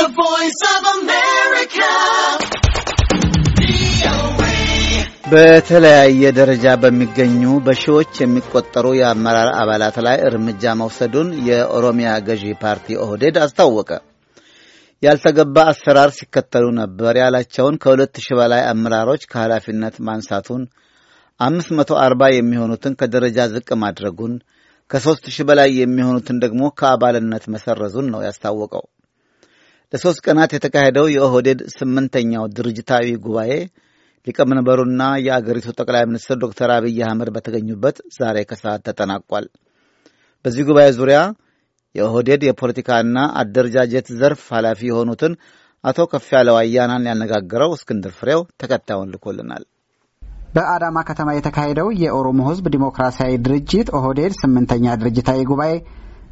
The Voice of America. በተለያየ ደረጃ በሚገኙ በሺዎች የሚቆጠሩ የአመራር አባላት ላይ እርምጃ መውሰዱን የኦሮሚያ ገዢ ፓርቲ ኦህዴድ አስታወቀ። ያልተገባ አሰራር ሲከተሉ ነበር ያላቸውን ከሁለት ሺህ በላይ አመራሮች ከኃላፊነት ማንሳቱን፣ አምስት መቶ አርባ የሚሆኑትን ከደረጃ ዝቅ ማድረጉን፣ ከሦስት ሺህ በላይ የሚሆኑትን ደግሞ ከአባልነት መሰረዙን ነው ያስታወቀው። ለሦስት ቀናት የተካሄደው የኦህዴድ ስምንተኛው ድርጅታዊ ጉባኤ ሊቀመንበሩና የአገሪቱ ጠቅላይ ሚኒስትር ዶክተር አብይ አህመድ በተገኙበት ዛሬ ከሰዓት ተጠናቋል። በዚህ ጉባኤ ዙሪያ የኦህዴድ የፖለቲካና አደረጃጀት ዘርፍ ኃላፊ የሆኑትን አቶ ከፍ ያለው አያናን ያነጋገረው እስክንድር ፍሬው ተከታዩን ልኮልናል። በአዳማ ከተማ የተካሄደው የኦሮሞ ሕዝብ ዲሞክራሲያዊ ድርጅት ኦህዴድ ስምንተኛ ድርጅታዊ ጉባኤ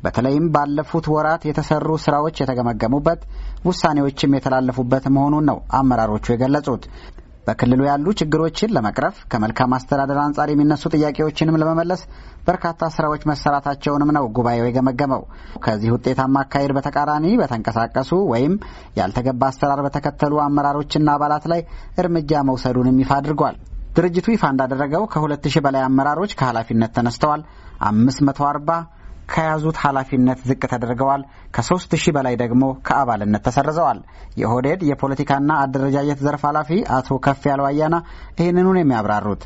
በተለይም ባለፉት ወራት የተሰሩ ስራዎች የተገመገሙበት ውሳኔዎችም የተላለፉበት መሆኑን ነው አመራሮቹ የገለጹት። በክልሉ ያሉ ችግሮችን ለመቅረፍ ከመልካም አስተዳደር አንጻር የሚነሱ ጥያቄዎችንም ለመመለስ በርካታ ስራዎች መሰራታቸውንም ነው ጉባኤው የገመገመው። ከዚህ ውጤታማ አካሄድ በተቃራኒ በተንቀሳቀሱ ወይም ያልተገባ አሰራር በተከተሉ አመራሮችና አባላት ላይ እርምጃ መውሰዱንም ይፋ አድርጓል። ድርጅቱ ይፋ እንዳደረገው ከሁለት ሺህ በላይ አመራሮች ከኃላፊነት ተነስተዋል። አምስት መቶ አርባ ከያዙት ኃላፊነት ዝቅ ተደርገዋል። ከሶስት ሺህ በላይ ደግሞ ከአባልነት ተሰርዘዋል። የኦህዴድ የፖለቲካና አደረጃጀት ዘርፍ ኃላፊ አቶ ከፍ ያለው አያና ይህንኑን የሚያብራሩት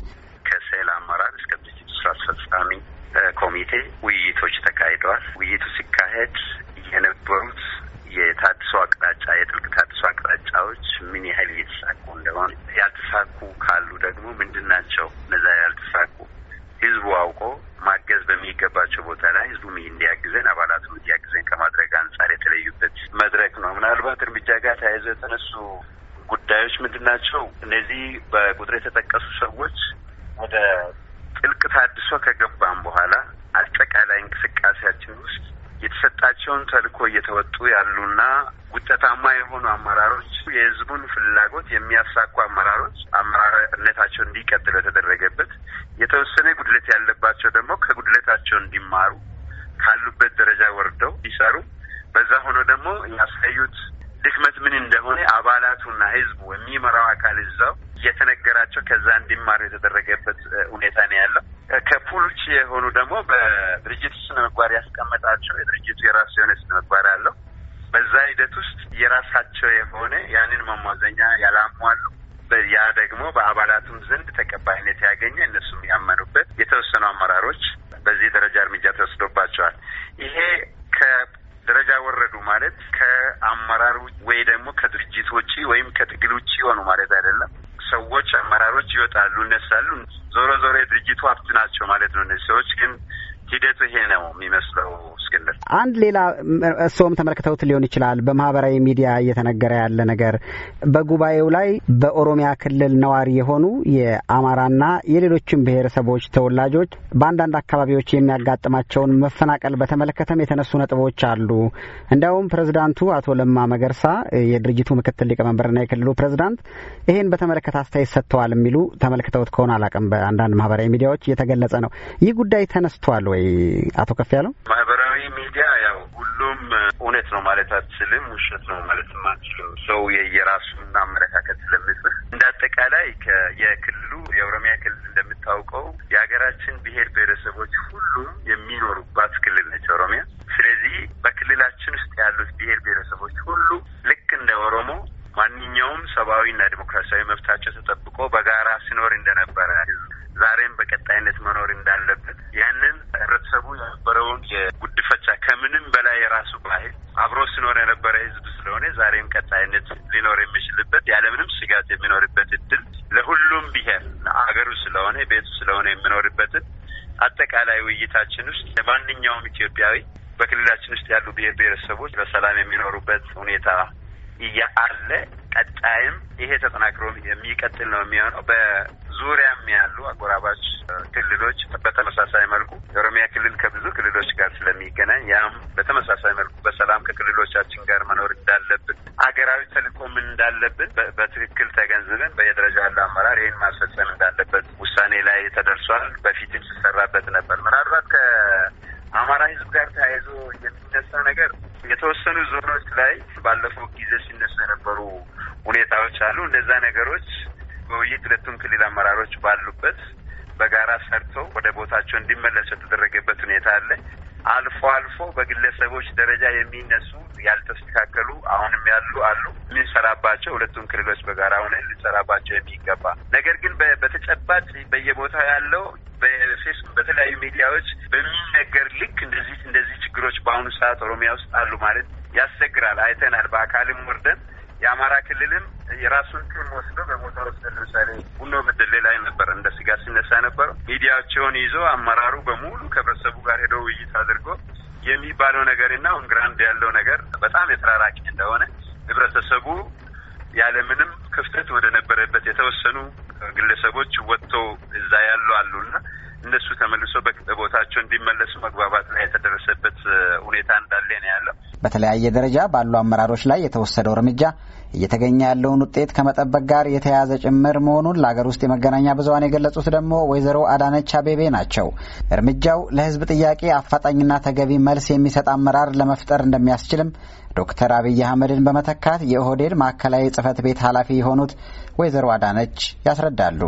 ከሴል አመራር እስከ ድርጅቱ ስራ አስፈጻሚ ኮሚቴ ውይይቶች ተካሂደዋል። ውይይቱ ሲካሄድ የነበሩት የታድሶ አቅጣጫ የጥልቅ ታድሶ አቅጣጫዎች ምን ያህል እየተሳኩ እንደሆነ፣ ያልተሳኩ ካሉ ደግሞ ምንድን ናቸው እነዛ ያልተሳኩ ህዝቡ አውቆ ማገዝ በሚገባቸው ህዝቡም እንዲያግዘን አባላቱም እንዲያግዘን ከማድረግ አንጻር የተለዩበት መድረክ ነው። ምናልባት እርምጃ ጋር ተያይዘ የተነሱ ጉዳዮች ምንድን ናቸው? እነዚህ በቁጥር የተጠቀሱ ሰዎች ወደ ጥልቅ ታድሶ ከገባም በኋላ አጠቃላይ እንቅስቃሴያችን ውስጥ የተሰጣቸውን ተልዕኮ እየተወጡ ያሉና ውጤታማ የሆኑ አመራሮች፣ የህዝቡን ፍላጎት የሚያሳኩ አመራሮች የሚመራው አካል እዛው እየተነገራቸው ከዛ እንዲማሩ የተደረገበት ሁኔታ ነው ያለው። ከፑል ውጭ የሆኑ ደግሞ በድርጅቱ ስነ ምግባር ያስቀመጣቸው የድርጅቱ የራሱ የሆነ ስነ ምግባር አለው። በዛ ሂደት ውስጥ የራሳቸው የሆነ ያንን መሟዘኛ ያላሟሉ ያ ደግሞ በአባላቱም ዘንድ ተቀባይነት ያገኘ እነሱም ያመኑበት የተወሰኑ አመራሮች በዚህ ደረጃ እርምጃ ማለት ከአመራር ወይ ደግሞ ከድርጅት ውጪ ወይም ከትግል ውጪ ሆኑ ማለት አይደለም። ሰዎች አመራሮች ይወጣሉ፣ እነሳሉ። ዞሮ ዞሮ የድርጅቱ ሀብት ናቸው ማለት ነው። እነዚህ ሰዎች ግን ሂደት ይሄ ነው የሚመስለው። እስክንድር አንድ ሌላ እርስዎም ተመልክተውት ሊሆን ይችላል፣ በማህበራዊ ሚዲያ እየተነገረ ያለ ነገር በጉባኤው ላይ በኦሮሚያ ክልል ነዋሪ የሆኑ የአማራና የሌሎችም ብሔረሰቦች ተወላጆች በአንዳንድ አካባቢዎች የሚያጋጥማቸውን መፈናቀል በተመለከተም የተነሱ ነጥቦች አሉ። እንዲያውም ፕሬዝዳንቱ አቶ ለማ መገርሳ የድርጅቱ ምክትል ሊቀመንበርና የክልሉ ፕሬዝዳንት ይሄን በተመለከተ አስተያየት ሰጥተዋል የሚሉ ተመልክተውት ከሆነ አላውቅም፣ በአንዳንድ ማህበራዊ ሚዲያዎች እየተገለጸ ነው። ይህ ጉዳይ ተነስቷል ወይ አቶ ከፍ ያለው? ማህበራዊ ሚዲያ ያው ሁሉም እውነት ነው ማለት አትችልም፣ ውሸት ነው ማለት አትችልም። ሰው የየራሱን አመለካከት ስለምት እንደ አጠቃላይ የክልሉ የኦሮሚያ ክልል እንደምታውቀው የሀገራችን ብሔር ብሔረሰቦች ሁሉም የሚኖሩባት ክልል ነች ኦሮሚያ። ስለዚህ በክልላችን ውስጥ ያሉት ብሔር ብሔረሰቦች ሁሉ ያለውን የጉድፈቻ ከምንም በላይ የራሱ ባህል አብሮ ሲኖር የነበረ ህዝብ ስለሆነ ዛሬም ቀጣይነት ሊኖር የሚችልበት ያለምንም ስጋት የሚኖርበት እድል ለሁሉም ብሄር አገሩ ስለሆነ ቤቱ ስለሆነ የሚኖርበትን አጠቃላይ ውይይታችን ውስጥ ማንኛውም ኢትዮጵያዊ በክልላችን ውስጥ ያሉ ብሄር ብሄረሰቦች በሰላም የሚኖሩበት ሁኔታ እያአለ ቀጣይም ይሄ ተጠናክሮ የሚቀጥል ነው የሚሆነው። በዙሪያም ያሉ አጎራባች ክልሎች በተመሳሳይ መልኩ የኦሮሚያ ክልል ከብዙ ክልሎች ጋር ስለሚገናኝ ያም በተመሳሳይ መልኩ በሰላም ከክልሎቻችን ጋር መኖር እንዳለብን ሀገራዊ ተልዕኮም እንዳለብን በትክክል ተገንዝበን በየደረጃ ያለው አመራር ይህን ማስፈጸም እንዳለበት ውሳኔ ላይ ተደርሷል። በፊትም ሲሰራበት ነበር። ምናልባት ከአማራ ህዝብ ጋር ተያይዞ የሚነሳ ነገር የተወሰኑ ዞኖች ላይ ባለፈው ጊዜ ሲነሱ የነበሩ ሁኔታዎች አሉ። እነዛ ነገሮች በውይይት ሁለቱም ክልል አመራሮች ባሉበት በጋራ ሰርቶ ወደ ቦታቸው እንዲመለሱ የተደረገበት ሁኔታ አለ። አልፎ አልፎ በግለሰቦች ደረጃ የሚነሱ ያልተስተካከሉ አሁንም ያሉ አሉ። የምንሰራባቸው ሁለቱም ክልሎች በጋራ ሆነን ልንሰራባቸው የሚገባ ነገር ግን በተጨባጭ በየቦታው ያለው በፌስ በተለያዩ ሚዲያዎች በሚነገር ልክ እንደዚህ እንደዚህ ችግሮች በአሁኑ ሰዓት ኦሮሚያ ውስጥ አሉ ማለት ያስቸግራል። አይተናል። በአካልም ወርደን የአማራ ክልልም የራሱን ጩን ወስዶ በቦታ ውስጥ ለምሳሌ ቡኖ ምድል ላይ ነበር እንደ ስጋት ሲነሳ ነበር። ሚዲያቸውን ይዞ አመራሩ በሙሉ ከህብረተሰቡ ጋር ሄዶ ውይይት አድርጎ የሚባለው ነገርና አሁን ግራንድ ያለው ነገር በጣም የተራራቂ እንደሆነ ህብረተሰቡ ያለምንም ክፍተት ወደ ነበረበት የተወሰኑ ግለሰቦች ወጥተው እዛ ያሉ አሉና እነሱ ተመልሶ በቦታቸው እንዲመለሱ መግባባት ላይ የተደረሰበት ሁኔታ እንዳለ ነው ያለው። በተለያየ ደረጃ ባሉ አመራሮች ላይ የተወሰደው እርምጃ እየተገኘ ያለውን ውጤት ከመጠበቅ ጋር የተያያዘ ጭምር መሆኑን ለሀገር ውስጥ የመገናኛ ብዙኃን የገለጹት ደግሞ ወይዘሮ አዳነች አቤቤ ናቸው። እርምጃው ለሕዝብ ጥያቄ አፋጣኝና ተገቢ መልስ የሚሰጥ አመራር ለመፍጠር እንደሚያስችልም ዶክተር አብይ አህመድን በመተካት የኦህዴድ ማዕከላዊ ጽህፈት ቤት ኃላፊ የሆኑት ወይዘሮ አዳነች ያስረዳሉ።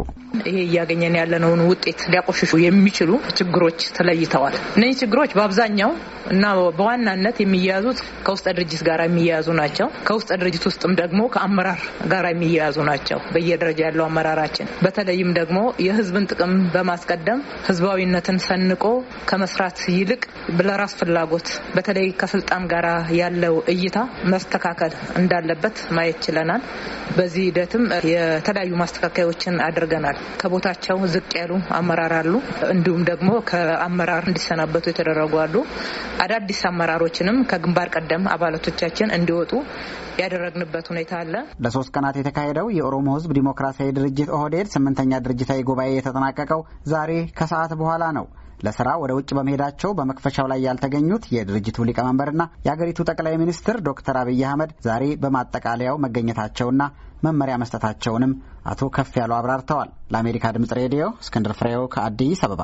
ይሄ እያገኘን ያለነውን ውጤት ሊያቆሽሹ የሚችሉ ችግሮች ተለይተዋል። እነዚህ ችግሮች በአብዛኛው እና በዋናነት የሚያያዙት ከውስጠ ድርጅት ጋር የሚያያዙ ናቸው። ከውስጠ ድርጅት ውስጥም ደግሞ ከአመራር ጋር የሚያያዙ ናቸው። በየደረጃ ያለው አመራራችን በተለይም ደግሞ የህዝብን ጥቅም በማስቀደም ህዝባዊነትን ሰንቆ ከመስራት ይልቅ ለራስ ፍላጎት በተለይ ከስልጣን ጋር ያለው እይታ መስተካከል እንዳለበት ማየት ችለናል። በዚህ ሂደትም የተለያዩ ማስተካከያዎችን አድርገናል። ከቦታቸው ዝቅ ያሉ አመራር አሉ። እንዲሁም ደግሞ ከአመራር እንዲሰናበቱ የተደረጉ አሉ። አዳዲስ አመራሮችንም ከግንባር ቀደም አባላቶቻችን እንዲወጡ ያደረግንበት ሁኔታ አለ። ለሶስት ቀናት የተካሄደው የኦሮሞ ሕዝብ ዲሞክራሲያዊ ድርጅት ኦህዴድ ስምንተኛ ድርጅታዊ ጉባኤ የተጠናቀቀው ዛሬ ከሰዓት በኋላ ነው። ለስራ ወደ ውጭ በመሄዳቸው በመክፈቻው ላይ ያልተገኙት የድርጅቱ ሊቀመንበርና የአገሪቱ ጠቅላይ ሚኒስትር ዶክተር አብይ አህመድ ዛሬ በማጠቃለያው መገኘታቸውና መመሪያ መስጠታቸውንም አቶ ከፍ ያሉ አብራርተዋል። ለአሜሪካ ድምጽ ሬዲዮ እስክንድር ፍሬው ከአዲስ አበባ